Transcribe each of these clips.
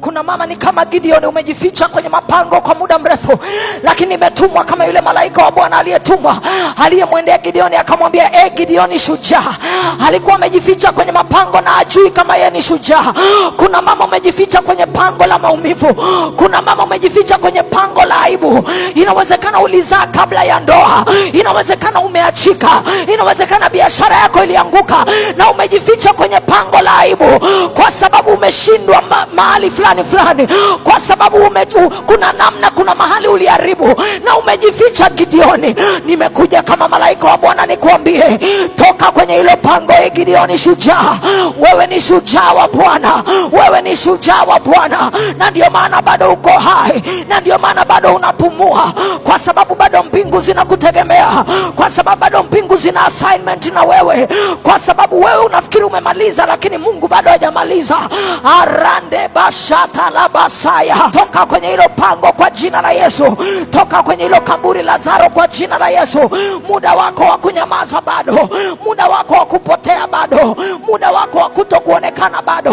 Kuna mama ni kama Gideoni, umejificha kwenye mapango kwa muda mrefu, lakini nimetumwa kama yule malaika wa Bwana aliyetumwa aliyemwendea Gideoni akamwambia, e, Gideoni shujaa. Alikuwa amejificha kwenye mapango na ajui kama yeye ni shujaa. Kuna mama umejificha kwenye pango la maumivu, kuna mama umejificha kwenye pango la aibu. Inawezekana ulizaa kabla ya ndoa, inawezekana umeachika, inawezekana biashara yako ilianguka na umejificha kwenye pango la aibu kwa sababu umeshindwa mahali fulani fulani, kwa sababu umetu, kuna namna, kuna mahali uliharibu na umejificha. Gideoni, nimekuja kama malaika wa Bwana nikuambie, toka kwenye hilo pango. E Gideoni shujaa, wewe ni shujaa wa Bwana, wewe ni shujaa wa Bwana, na ndio maana bado uko hai, na ndio maana bado unapumua, kwa sababu bado mbingu zinakutegemea, kwa sababu bado mbingu zina assignment na wewe, kwa sababu wewe unafikiri umemaliza, lakini Mungu bado hajamaliza. arande bash basaya, toka kwenye hilo pango kwa jina la Yesu, toka kwenye hilo kaburi Lazaro, kwa jina la Yesu. Muda wako wa kunyamaza bado, muda wako wa kupotea bado, muda wako wa kutokuonekana bado.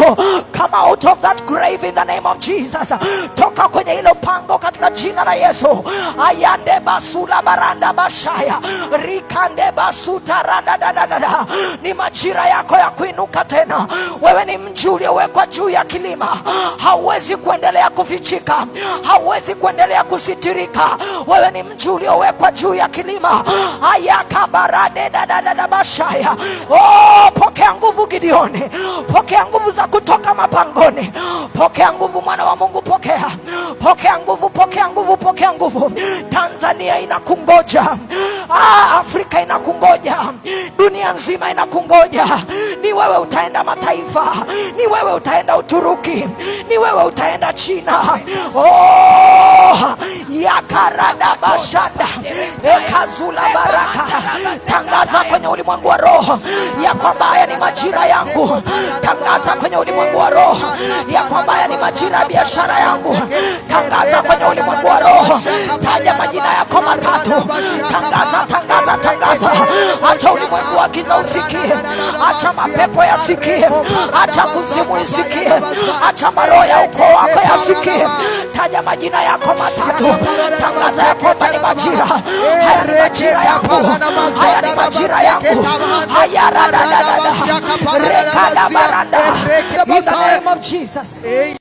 Come out of that in the name of Jesus. Toka kwenye hilo pango katika jina la Yesu. Ayande basula baranda bashaya rikande basuta da. Ni majira yako ya kuinuka tena. Wewe ni mji uliowekwa juu ya kilima, hauwezi kuendelea kufichika, hauwezi kuendelea kusitirika. Wewe ni mji uliowekwa juu ya kilima. da bashaya. Oh, pokea nguvu Gideoni, pokea nguvu za kutoka mapangoni, pokea Pokea nguvu, mwana wa Mungu, pokea, pokea nguvu, pokea nguvu, pokea nguvu. Tanzania inakungoja, ah, Afrika inakungoja, dunia nzima inakungoja. Ni wewe utaenda mataifa, ni wewe utaenda Uturuki, ni wewe utaenda China. Oh, yakarada bashada ekazula baraka. Tangaza kwenye ulimwengu wa roho ya kwamba haya ni majira yangu. Tangaza kwenye ulimwengu wa roho ya kwamba majina ya biashara yangu, tangaza kwenye ulimwengu wa roho, taja majina yako matatu, tangaza, tangaza, tangaza. Acha ulimwengu wa giza usikie, acha mapepo yasikie, acha kuzimu isikie, acha maroho ya ukoo wako yasikie. Taja majina yako matatu, tangaza ya kwamba ni majira haya, ni majira yangu, haya ni majira yangu, haya radadadada baranda in the name of Jesus.